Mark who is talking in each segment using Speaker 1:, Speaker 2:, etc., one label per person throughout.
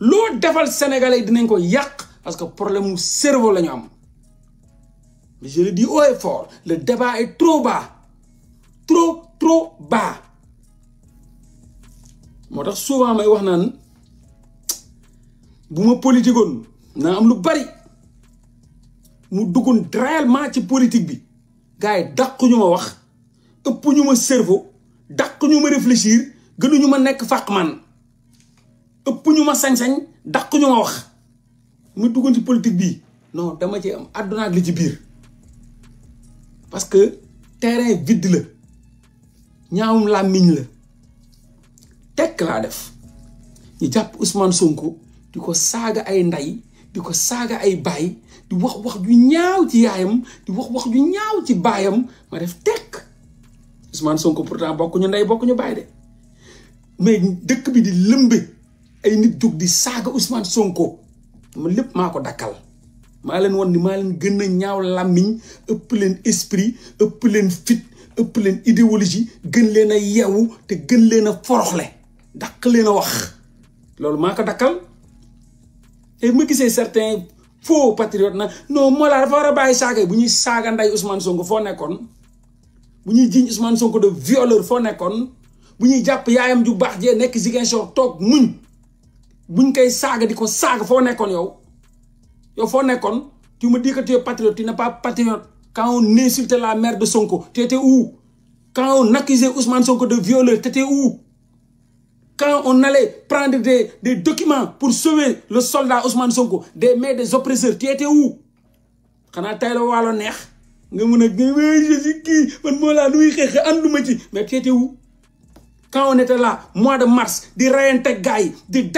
Speaker 1: loo defal sénégalais dinañ ko yàq parce que problème mu cerveau la ñu am mais je le dis haut et fort le débat est trop bas trop trop bas moo tax souvent may wax naan bu ma politikoon naa am lu bari mu duggoon réellement ci politique bi gars yi dàq ñu ma wax ëpp ñu ma cerveau dàq ñu ma réfléchir ñu ma nekk fàq man ëpp ñu ma sañ-sañ dàq ñu ma wax ma duggoon ci politique bii non dama ci am àdduna li ci biir parce que terrain vide la ñaawum làmmiñ la tekk laa def ñu jàpp Ousmane Sonko di ko saaga ay ndey di ko saaga ay baay di wax wax ju ñaaw ci yaayam di wax wax ju ñaaw ci baayam ma def tekk Ousmane Sonko pourtant bokkuñu ndey bokkuñu baay de mais dëkk bi di lëmbe ay nit jóg di saaga Ousmane Sonko man lépp maa ko dakkal maa leen won ni maa leen gën a ñaaw làmmiñ ëpp leen esprit ëpp leen fit ëpp leen idéologie gën leen a yeewu te gën leen a foroxle daq leen a wax loolu maa ko dakkal et ma gisee certains faux patriotes na non moo laa dafa war a bàyyi saaga yi bu ñuy saaga nday Ousmane Sonko foo nekkoon bu ñuy jiiñ Ousmane Sonko de violeur foo nekkoon bu ñuy jàpp yaayam ju baax jee nekk Ziguinchor toog muñ buñ koy saga diko saga fo yow yow tu me dis que tu es patriote tu n'es pas patriote quand on insultait la mère de Sonko tu étais où quand on accusait Ousmane Sonko de violeur tu étais où quand on allait prendre des documents pour sauver le soldat Ousmane Sonko des mains des oppresseurs tu étais où Quand on la waalo neex nga je suis qui, man nuy anduma ci mais tu étais où quand on était là mois de mars di reyante gars yi di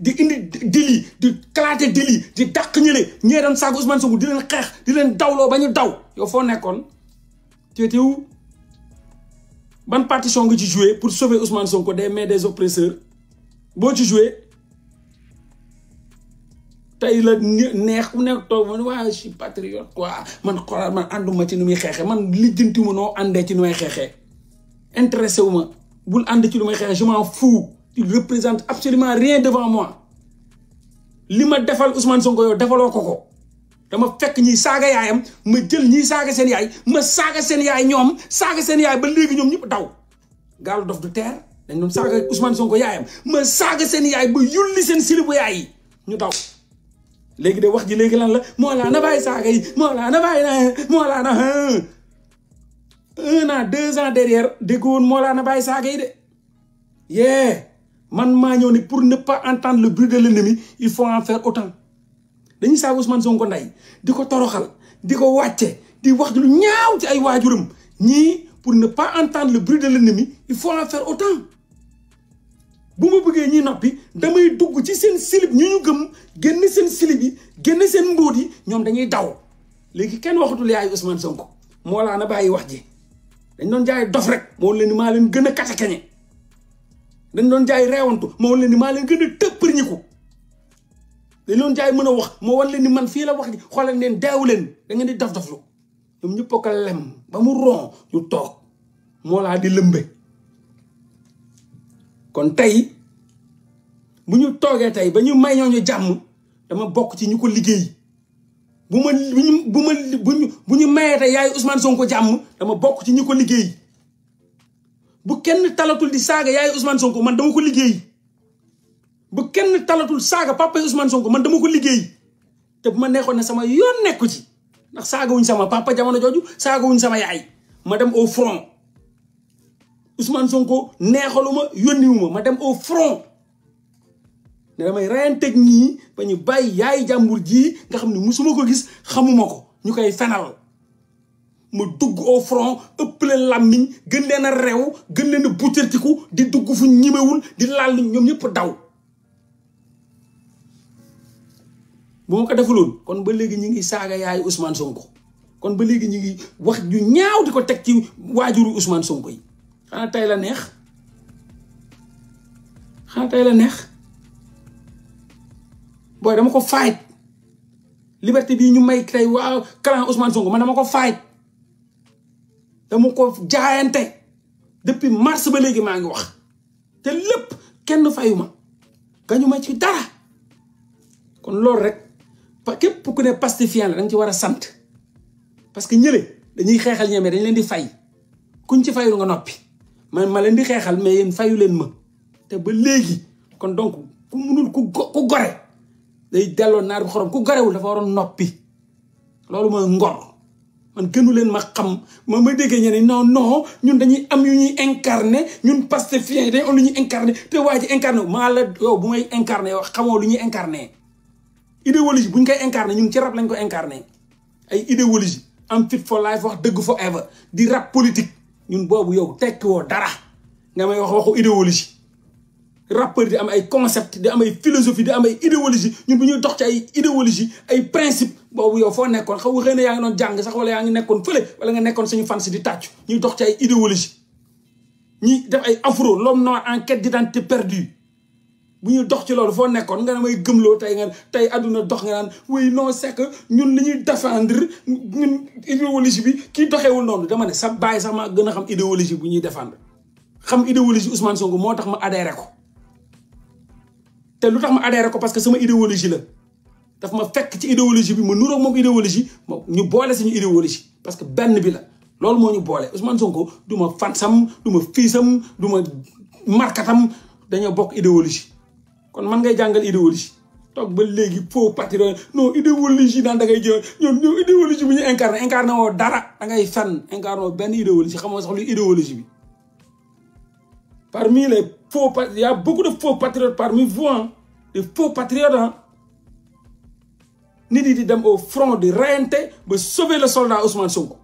Speaker 1: di indi dili di kalaate dili di dàq ont ñee doon saaga Ousmane Sonko di des des di leen dawloo ba daw ban partition pour sauver Ousmane Sonko des mains des oppresseurs boo tu jouais. Tu la neex ku nekk je suis patriote quoi man xoolal man ànduma ci Je suis man intéressé wu ma bul ànd ci lu may xeex je m'en fous tu représentes absolument rien devant moi li ma defal Ousmane Sonko yow defaloo ko ko dama fekk ñiy saaga yaayam ma jël ñiy saaga seen yaay ma saaga seen yaay ñoom saaga seen ba léegi ñoom ñëpp daw gaalu dof du teer dañ doon saaga Ousmane Sonko yaayam ma saaga seen yaay ba yulli seen silibu yaay yi ñu daw léegi de wax ji léegi lan la moo laa na bàyyi saaga yi moo laa na bàyyi moo laa na un an deux ans derrière déggoo woon moo laa na bàyyi saaga yi de yee ne pour ne pas entendre le de l'ennemi il faut en faire autant dañuy saaga Ousmane Sonko ndey di ko toroxal di ko wàcce di wax lu ñaaw ci ay waajuram ñii pour ne pas entendre le bruit de l'ennemi il faut en faire autant bu ma buggee ñuy noppi damay dugg ci seen silib ñu ñu gëm génn seen silib yi génn seen mbóot yi ñoom dañuy daw léegi kenn waxatul yaay Ousmane Sonko moo laa na bàyyi wax ji dañ doon jaay dof rek moo leen maa leen gën a kacakañe dañ doon jaay reewantu moo leen ni maa leen gën a ko dañ doon jaay mën a wax moo wan leen ni man fii la wax ji xoolal leen deewu leen da ngeen di dof doflu ñoom ñu pokkal lem ba mu ron ñu toog moo laa di lëmbe kon tey bu ñu toogee tey ba ñu may ñooñu jàmm dama bokk ci ñu ko liggéey bu ma bu ñu bu ma bu ñu mayete yaay usman Sonko jàmm dama bokk ci ñi ko liggéey bu kenn talatul di saaga yaay Ousmane Sonko man dama ko liggéey kenn talatul saaga papa Ousmane Sonko man dama ko liggéey te bu ma neexoon ne sama yoon nekku ci ndax saaga wuñ sama papa jamono jooju saaga wuñ sama yaay ma dem au front Ousmane Sonko neexalu ma yónniwu ma ma dem au front ne damay reyanteeg ñii ba ñu bàyyi yaay jàmbur jii nga xam ne musuma ko gis xamuma ko ñu koy fenal ma dugg au front ëpp la làmmiñ gën leen a gën leen a buccërtiku di dugg fu ñimewul di laal ñoom ñëpp daw bu ma ko defaloon kon ba léegi ñu ngi saaga yaay Ousmane Sonko kon ba léegi ñu ngi wax ñu ñaaw di ko teg ci waajuru Ousmane Sonko yi xanaa tey la neex xanaa tey la neex booy dama ko fight liberté bii ñu may tey waa clan Ousmane Sonko man dama ko fight dama ko jaayante depuis mars ba léegi maa ngi wax te lépp kenn fayuma gañu ma ci dara kon loolu rek képp ku ne pastifiant la da ci war a sant parce que ñële dañuy xeexal ñeme dañ leen di fay kuñ ci fayul nga noppi man ma leen di xeexal mais yéen fayu leen ma te ba léegi kon donc ku munul ku go ku gore day delloo naar bi xorom ku garewul dafa waroon noppi loolu mooy ngor man gënu leen ma xam ma ma déggee ñeneen non non ñun dañuy am yu ñuy incarné ñun pastefien yi dañ am lu ñuy incarné te waa ji incarné maa la yow bu may incarné yow xamoo lu ñuy incarné idéologie bu ñu koy incarné ñun ci rap lañ ko incarné ay idéologie am fit for life wax dëgg forever di rap politique ñun boobu yow tekki woo dara nga may wax waxu idéologie rappeur di am ay concept di am ay philosophie di am ay idéologie ñun bu ñuy dox ci ay idéologie ay principe boobu yow foo nekkoon xaw xëy na yaa ngi jàng sax yaa ngi nekkoon fële wala nga nekkoon suñu fans di tàccu dox ci ay idéologie ñuy def ay afro l'homme noir en quête d'identité perdue bu ñuy dox ci loolu foo nekkoon nga ne may gëmloo tey nga tey àdduna dox nga naan oui non c'est ñun li ñuy défendre ñun idéologie bi kii doxewul noonu dama ne sa bàyyi sax maa gën a xam idéologie bu ñuy défendre xam idéologie Ousmane Sonko moo tax ma adhéré ko te lu tax ma adhéré ko parce que sama idéologie la daf ma fekk ci idéologie bi ma nuroog moom idéologie moom ñu boole suñu idéologie parce que benn bi la loolu moo ñu boole Ousmane Sonko du ma fansam duma ma fiisam du ma markatam dañoo bokk idéologie kon man ngay jàngal idéologie toog ba léegi faux patriote non idéologie daan da ngay jël ñoom ñoom idéologie bu ñu incarné incarné woo dara da ngay fenn incarné woo benn idéologie xamoo sax luy idéologie bi Parmi les faux il y a beaucoup de faux patriotes parmi vous, hein. des faux patriotes. Hein. au front de Rente pour sauver le soldat Ousmane Sonko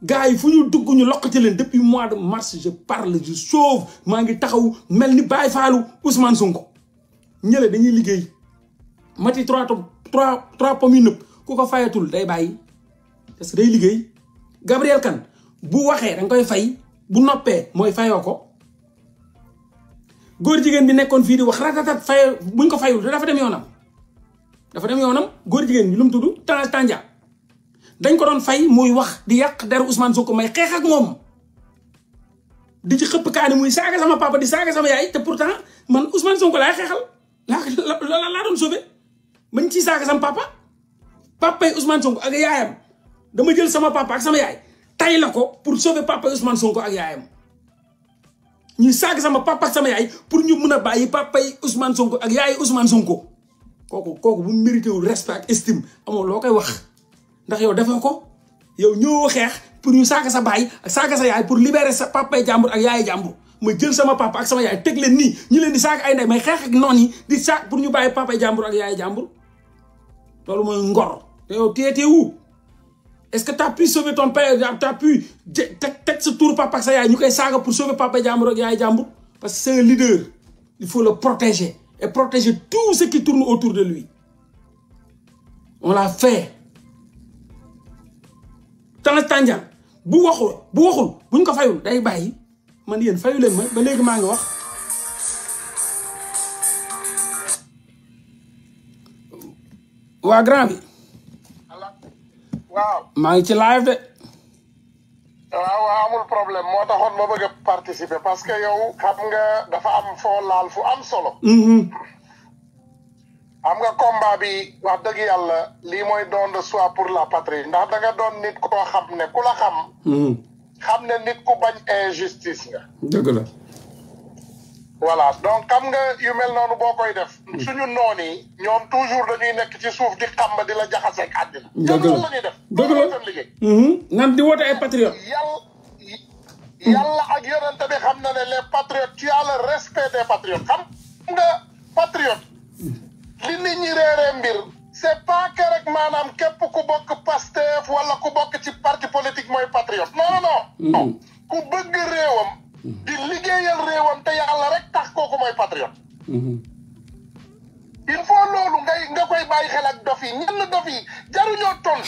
Speaker 1: gars yi faut que ñu depuis mois de mars je parle je sauve maa Je taxaw mel ni Baye Fallou Ousmane Sonko ñële dañuy liggéey mati trois trois trois pommes yu nëpp ko fayatul day bàyyi parce Gabriel vous Gabriel Kane bu waxee fait, koy fay bu fait góor jigéen bi nekkoon fii di wax ratatat fay buñ ko fayul dafa dem yoonam dafa dem yoonam góor jigéen bi lu mu tudd Tandia dañ ko doon fay muy wax di yàq deru Ousmane Sonko may xeex ak moom di ci xëpp kaani muy saaga sama papa di saaga sama yaay te pourtant man Ousmane Sonko laay xeexal laa laa doon sauvé mañ ciy saaga sama papa papay Ousmane Sonko ak yaayam dama jël sama papa ak sama yaay tay la ko pour sauver papay Ousmane Sonko ak yaayam ñu saag sama papa sama yaay pour ñu mun a bàyyi papay Ousmane Sonko ak yaayi Ousmane Sonko kooku kooku bu mérité wul respect ak estime amoo loo koy wax ndax yow defoo ko yow ñëwoo xeex pour ñu saaka sa baay saaka saaga sa yaay pour libérer sa papay jàmbur ak yaayi jàmbur ma jël sama papa ak sama yaay teg leen nii ñu leen di saaga ay ndey may xeex ak noon yi di saag pour ñu bàyyi papay jàmbur ak yaayi jàmbur loolu mooy ngor te yow teetewu est-ce que tu as pu sauver ton père Tu as pu ce tour papa sa pour sauver papa parce que c'est un leader il faut le protéger et protéger tout ce qui tourne autour de lui on l'a fait Tu as bu waxul bu waxul buñ ko fayul day man tu fayu waaw maa ngi ci live de. waaw amul problème moo taxoon ma bëgg a participer parce que yow xam nga dafa am foo laal fu am solo. xam mm-hmm.
Speaker 2: nga combat bi wax dëgg yàlla lii mooy don de soi pour la patrie ndax da nga doon nit koo xam ne ku la xam. Mm-hmm. xam ne nit ku bañ injustice nga. dëgg voilà donc xam nga yu noonu boo koy def. suñu noon yi ñoom toujours dañuy nekk ci suuf di xamba di la jaxaseeg àddina. dëgg la la def. dëgg la seen liggéey.
Speaker 1: nan ay patriotes.
Speaker 2: yàlla yàlla ak yonente bi xam na ne les patriotes ci as le respect des patriotes xam nga patriote. li nit ñi réeree mbir. c'est pas que rek maanaam képp ku bokk Pastef wala ku bokk ci parti politique mooy patriote non non non. Mm-hmm. ku bëgg réewam. di liggéeyal réewam te yàlla rek tax kooku mooy patriote. Mhm. il faut loolu ngay nga koy bàyyi xel ak dof yi ñenn dof jaruñoo toll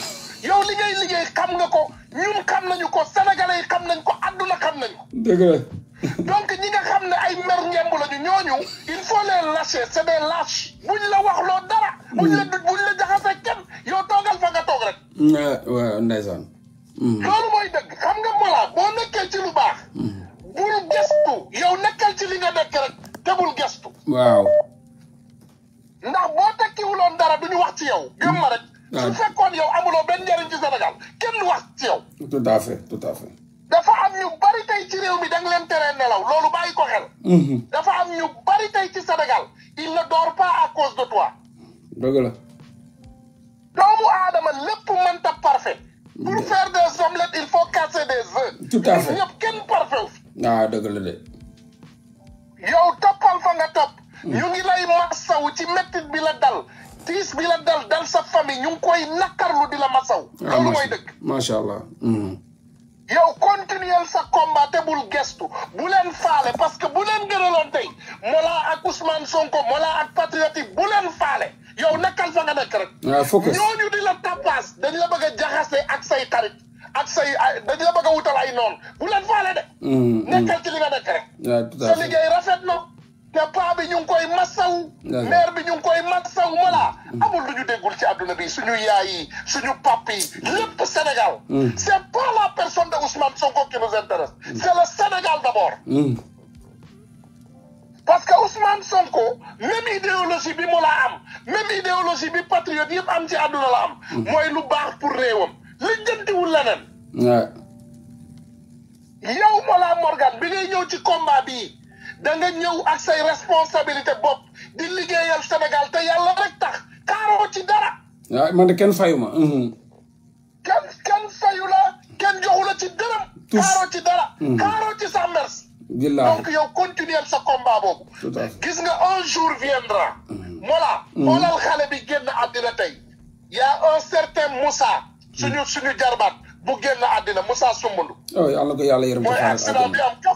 Speaker 2: yow li liggéey xam nga ko ñun xam nañu ko sénégalais yi xam nañ ko
Speaker 1: àdduna xam nañu ko. dëgg la.
Speaker 2: donc ñi nga xam ne ay mer ngemb lañu ñooñu il faut les c'est des lâches buñ la wax loo dara. buñ la buñ kenn yow toogal fa nga toog rek.
Speaker 1: waaw ah, waaw ndeysaan. Mhm. loolu
Speaker 2: mooy dëgg xam nga Mollah boo nekkee ci lu baax. Mhm. bul gestu yow nekkal ci li nga nekk tegul te gestu. ndax boo tekkiwuloon dara du ñu wax ci yow. gëm ma rek. Mm. su fekkoon yow amuloo benn njëriñ ci Sénégal kenn wax ci yow. tout dafa am ñu bari ci réew mi da nga leen teree nelaw loolu bàyyi ko xel. Mm-hmm. dafa am ñu bari ci Sénégal il ne dort pas à cause de toi. doomu aadama lépp mënta parfait. pour mm. faire des omelettes il faut casser des œufs. tout à fait kenn parfait
Speaker 1: ah dëgg la de.
Speaker 2: yow toppal fa nga topp. ñu ngi lay masawu ci mettit bi la dal tiis bi la dal dal sa famille ñu ngi koy nakarlu di la masaw. Ah, loolu mooy dëgg
Speaker 1: macha allah. Mm-hmm.
Speaker 2: yow continuer sa combat bul gestu bu leen faale parce que bu leen gëraloon tey Mollah ak Ousmane Sonko Mollah ak patriotique bu leen faale yow nakal fa nga nekk rek. Ah, ñooñu di la tapas dañ la bëgg a jaxase ak say xarit. ak say ay dañ la ay noon bu leen faale de.
Speaker 1: Mm, mm. nekkal ci li
Speaker 2: nga nekk rek. sa liggéey rafet na. te paa bi koy masaw. maire bi ñu koy masaw mala mm. amul lu ñu déggul ci àdduna bi suñu yaay yi suñu pap yi lépp Sénégal. c' est pas la personne de Ousmane Sonko qui nous intéresse. c' est le Sénégal d' abord. parce que Ousmane Sonko même idéologie bi mu la am même idéologie bi patriote yëpp am ci àdduna la am. mooy lu baax pour réewam. lijjantiwul
Speaker 1: leneen.
Speaker 2: yow Mollah Morgan bi ngay ci combat bii da nga ñëw ak say responsabilité bopp di liggéeyal Sénégal te yàlla rek tax kaaroo ci dara.
Speaker 1: waaw man kenn fayu ma. Mhm.
Speaker 2: kenn fayu la kenn joxu ci dërëm. kaaroo ci dara. Mhm. kaaroo ci sa mers. donc yow continuer sa combat boobu. gis nga un jour viendra. Mhm. Mollah xoolal xale bi génn àddina tey. y un certain Moussa. suñu suñu jarbaat bu génn àddina Moussa Soumoulou. oh yàlla ko yàlla yërëm mooy accident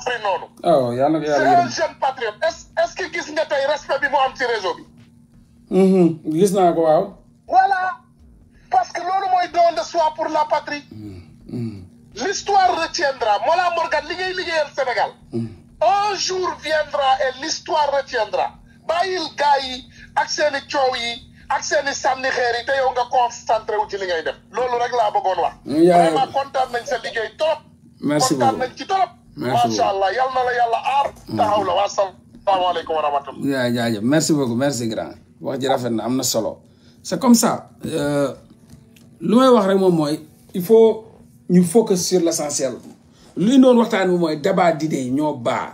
Speaker 2: bi noonu.
Speaker 1: oh yàlla ko yàlla yërëm c'est un
Speaker 2: jeune patriote est ce que gis nga tey respect bi mu am ci réseau bi.
Speaker 1: Mm-hmm. ko waaw.
Speaker 2: voilà parce que loolu mooy don de soi pour la patrie. Mm-hmm. l'histoire retiendra Mollah Morgan li ngay liggéeyal Sénégal. Mm-hmm. un jour viendra et l'histoire retiendra bàyyil gaa yi ak seeni coow yi. ak seen i sànni xeer yi te yow nga concentré wu ci li ngay def loolu rek laa bëggoon wax. vraiment kontaan nañ sa liggéey trop.
Speaker 1: merci beaucoup kontaan nañ
Speaker 2: ci trop. macha allah yal na la yàlla aar. Mm. taxaw la waa salaamaaleykum wa rahmatulah.
Speaker 1: yaa jaajëf merci beaucoup merci grand wax ji rafet na am na solo c'est comme ça euh, lu may wax rek moom mooy il faut ñu focus sur l'essentiel li ñu doon waxtaan bi mooy débat d'idées yi ñoo baax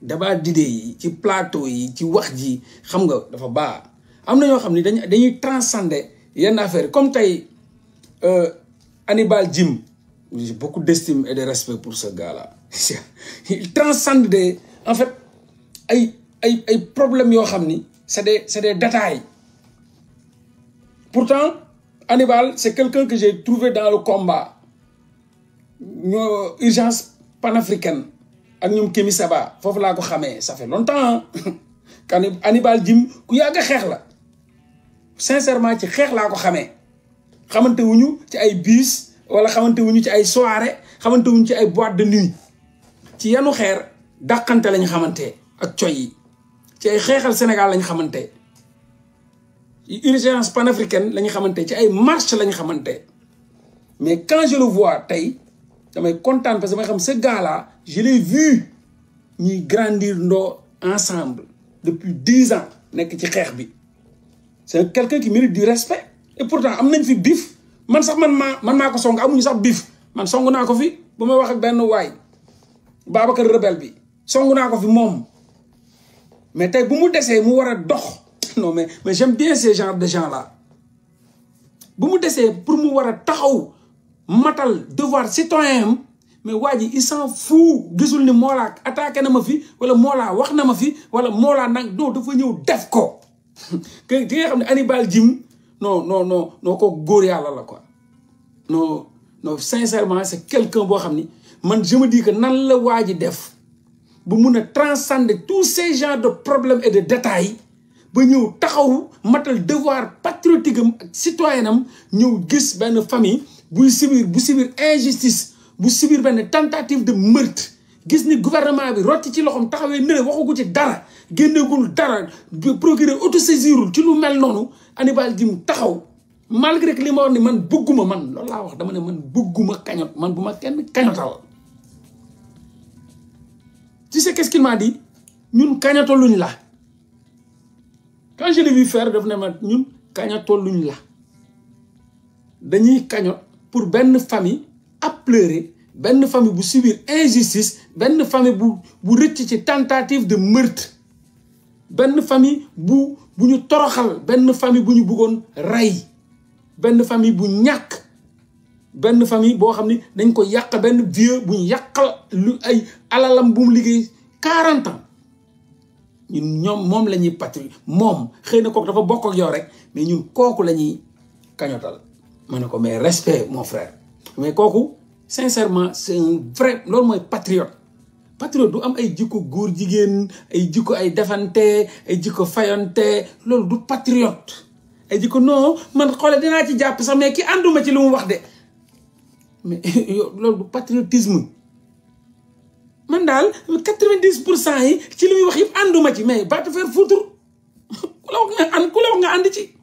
Speaker 1: débat d'idées yi ci plateau yi ci wax ji xam nga dafa baax. Il y ñoo xam dañuy transcender affaire comme euh Hannibal Jim j'ai beaucoup d'estime et de respect pour ce gars-là il transcende des en fait les problèmes yo c'est des c'est des détails pourtant Hannibal c'est quelqu'un que j'ai trouvé dans le combat Une urgence panafricaine ak ñum ko ça fait longtemps hein. Hannibal Jim ku a à la sincèrement ci xex la ko xamé xamanté wuñu ci ay bus wala xamanté wuñu ci ay soirée xamanté wuñu ci ay boîte de nuit ci yanu xeer dakanté lañ xamanté ak coy yi ci ay xeexal Sénégal lañ xamanté urgence panafricaine lañ xamanté ci ay marche lañ xamanté mais quand je le vois tay damay kontaan parce que damay xam ce gars là je l'ai vu ñuy grandir ndo ensemble depuis 10 ans nek ci xex bi c'est quelqu'un qui mérite du respect et pourtant am nañ fi bif man sax man maa man maa ko song amuñu sax bif man song naa ko fi buma wax ak benn way Babacar rebelle bi song naa ko fi mom mais tay bumu déssé mu wara dox non mais mais j'aime bien ces genre de gens là bumu déssé pour mu wara taxaw matal devoir citoyen mais wadi il s'en fout gisul ni Mollah attaquer na ma fi wala mola wax na ma fi wala Mollah nag doo dafa ñew def ko que nga Jim non non non non quoi non non sincèrement c'est quelqu'un qui... je me dis que nan la waa transcender tous ces genres de problèmes et de détails ba ñeu taxaw matal devoir patriotique citoyenam citoyen Nous famille Nous subir bu subir injustice bu subir une tentative de meurtre gis gouvernement bi rotti ci loxom taxawé neul ci dara dara procureur autosaisirul ci lu mel nonou Hannibal taxaw malgré que li man bëgguma man loolu la wax dama né man bëgguma kañot man kenn kañotal tu sais qu'est-ce qu'il m'a dit ñun kañotaluñ la quand je l'ai vu faire daf né man ñun la pour une famille pleurer benn famille bu subir injustice benn famille bu bu rëcc ci tentative de meurtre benn famille bu bu ñu toroxal benn famille bu ñu bëggoon rey benn famille bu ñàkk benn famille boo xam ni dañ ko yàq benn vieux bu ñu yàqal lu ay alalam bu mu liggéey quarante ans ñun ñoom moom la ñuy patri moom xëy na kooku dafa bokk ak yow rek mais ñun kooku la ñuy kañotal ma ne ko mais respect mon frère mais kooku sincèrement c' est un vrai loolu mooy patriote patriote du am ay jikko góor jigéen ay jikko ay defante ay jikko fayante loolu du patriote ay jikko non man xoole dinaa ci jàpp sax mais ki ànduma ci lu mu wax de mais yow loolu du patriotisme man daal quatre-vingt-dix pour cent yi ci lu muy wax yëpp ànduma ci mais ba te faire ku la wax nga ànd ku la wax nga ànd ci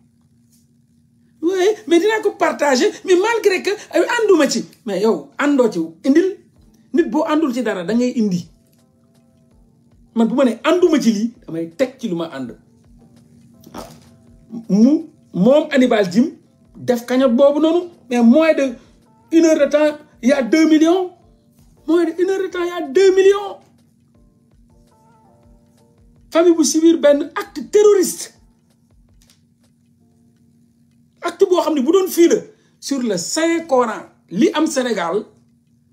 Speaker 1: oui mais dinaa ko partager mais malgré que ànduma ci mais yow àndoo ci indil nit boo àndul ci dara da ngay indi man bu ma ne ànduma ci lii damay teg ci lu ma ànd mu moom Hannibal Djim def cagnotte boobu noonu mais moins de une heure de temps y deux millions moins de une heure de temps y deux millions famille bu subir benn acte terroriste acte boo xam ne bu doon fii sur le saint coran li am Sénégal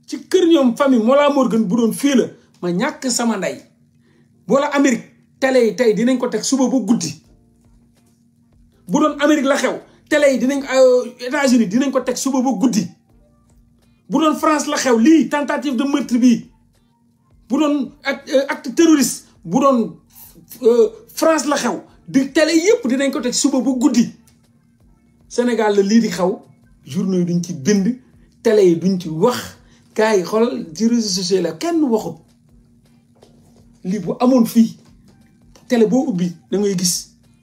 Speaker 1: ci kër ñoom famille Mollah Morgun bu doon fii la ma ñàkk sama ndey wala Amérique télé yi tey dinañ ko teg suba ba guddi bu doon Amérique la xew télé yi dinañ euh, États-Unis dinañ ko teg suba ba guddi bu doon France la xew lii tentative de meurtre bii bu doon euh, acte terroriste bu doon euh, France la xew di tele yëpp dinañ ko teg suba ba guddi Sénégal la lii di xaw journaux yi duñ ci bind télé yi duñ ci wax gars yi xool ci réseaux sociaux la kenn waxut lii bu amoon fii télé boo ubbi da ngay gis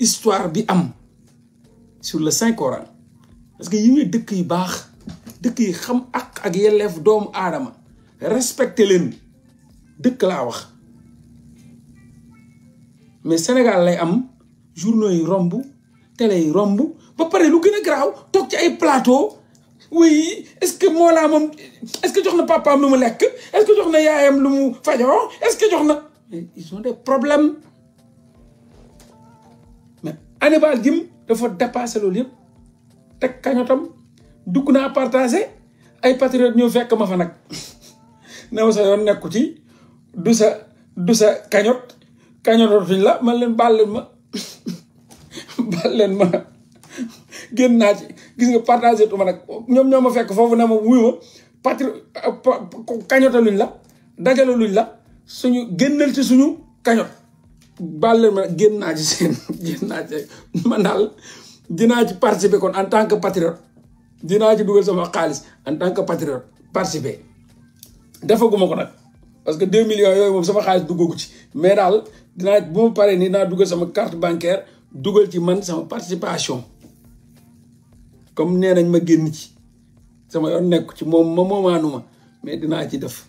Speaker 1: histoire bi am sur le cinq Coran parce que yi nga dëkk yu baax dëkk yi xam ak ak yelleef doomu aadama respecté leen dëkk laa wax mais Sénégal lay am journaux yi romb télé yi ba paré lu plateau oui est-ce que moi est-ce que tu papa pas est-ce que ne yayam lu est-ce que ils ont des problèmes mais Hannibal le dafa dépasser kañotam na partagé ay patriotes ñu fekk ma fa sa ci du sa du sa la man leen bal leen ma génn naa ci gis nga partagé tuma nag ñoom ñoo ma fekk foofu ne ma wuyu ma patri euh, luñ la dajalaluñ la suñu génnal ci suñu kañoot bal leen ma nag génn naa ci seen génn naa ci man daal dinaa ci participer kon en tant que patriote dinaa ci dugal sama xaalis en tant que patriote participer defaguma ko nag parce que deux millions yooyu moom sama xaalis duggagu ci mais daal dinaa bu ma paree nii naa dugal sama carte bancaire dougal ci man sama participation comme nenañ ma génn ci
Speaker 2: sama yoon nekk ci moom ma moomaanuma mais dinaa ci def